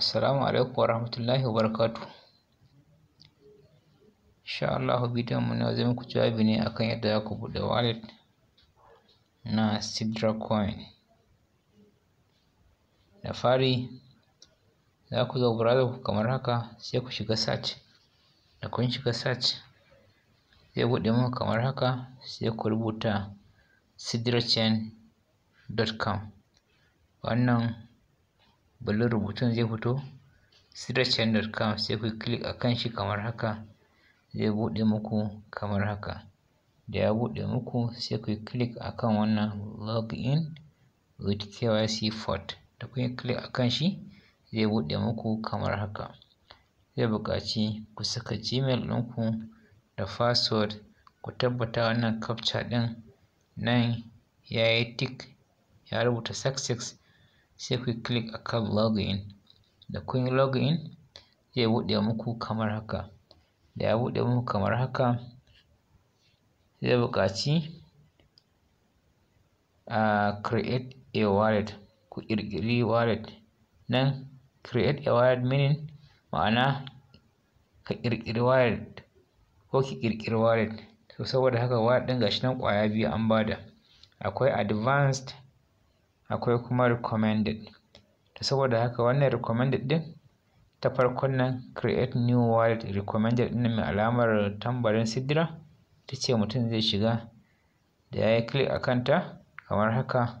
Assalamu alaikum warahmatullahi wabarakatuh. Insha Allah bidiyon mu na zai muku jawabi ne akan yadda za ku buɗe wallet na Sidra coin. Da fari za ku zo browser ku kamar haka sai ku shiga search. Da kun shiga search zai buɗe muku kamar haka sai ku rubuta sidrachain.com. Wannan ballo rubutun zai fito stretch com sai ku click a kan shi kamar haka zai buɗe muku kamar haka da ya buɗe muku sai ku click a kan wannan login with KYC port da kun yi click a kan shi zai buɗe muku kamar haka zai buƙaci ku saka gmail ɗinku da password ku tabbata wannan captcha ɗin nan ya yi tick ya rubuta success sai ku click akan login da kun yi login zai buɗe muku kamar haka da ya buɗe muku kamar haka zai buƙaci a create a wallet ku ƙirƙiri wallet nan create a wallet meaning ma'ana ka ƙirƙiri wallet ko ki ƙirƙiri wallet to saboda haka wallet ɗin gashi nan ƙwaya biyu an bada akwai advanced akwai kuma recommended to saboda haka wannan recommended din ta farkon nan create new wallet recommended din mai alamar tambarin sidira ta ce mutum zai shiga da ya yi click a kanta kamar haka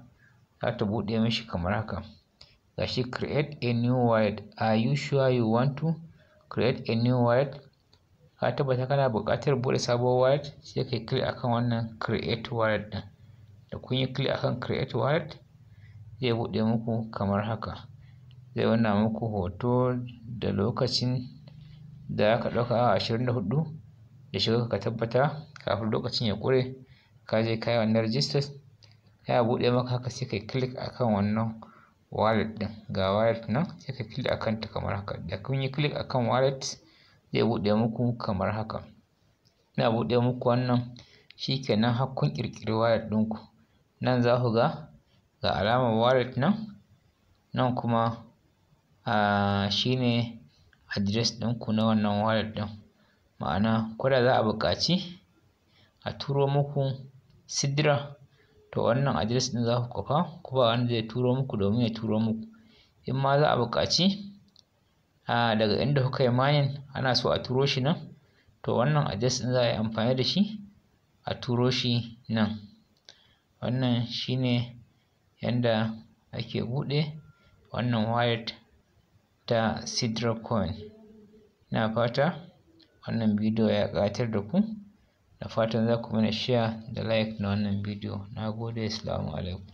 za ta buɗe mishi kamar haka gashi create a new wallet are you sure you want to create a new wallet ka tabbata kana buƙatar buɗe sabuwar wallet sai ka yi click akan wannan create wallet din da kun yi click akan create wallet zai buɗe muku kamar haka zai nuna muku hoto da lokacin da aka ɗauka awa ashirin da huɗu da ka tabbata kafin lokacin ya ƙure ka je ka wannan rijistar ya buɗe maka haka sai kai click akan wannan wallet ɗin ga wallet nan sai kai click akan ta kamar haka da kun yi click akan walet zai buɗe muku kamar haka ina buɗe muku wannan shi shikenan har kun ƙirƙiri wallet ɗinku nan za ku ga ga alamar wallet nan nan kuma a shine address ɗinku na wannan wallet ɗin ma'ana ko da za a buƙaci a turo muku sidira to wannan address ɗin za ku kwafa ko ba wanda zai turo muku domin ya turo muku in ma za a buƙaci a daga inda kuka yi mining ana so a turo shi nan to wannan address ɗin za a yi amfani da shi a turo shi nan wannan shine yanda ake buɗe wannan wayat ta sidra coin ina fata wannan bidiyo ya ƙayatar da ku da fatan za ku mana share da like na wannan bidiyo na gode salamu alaikum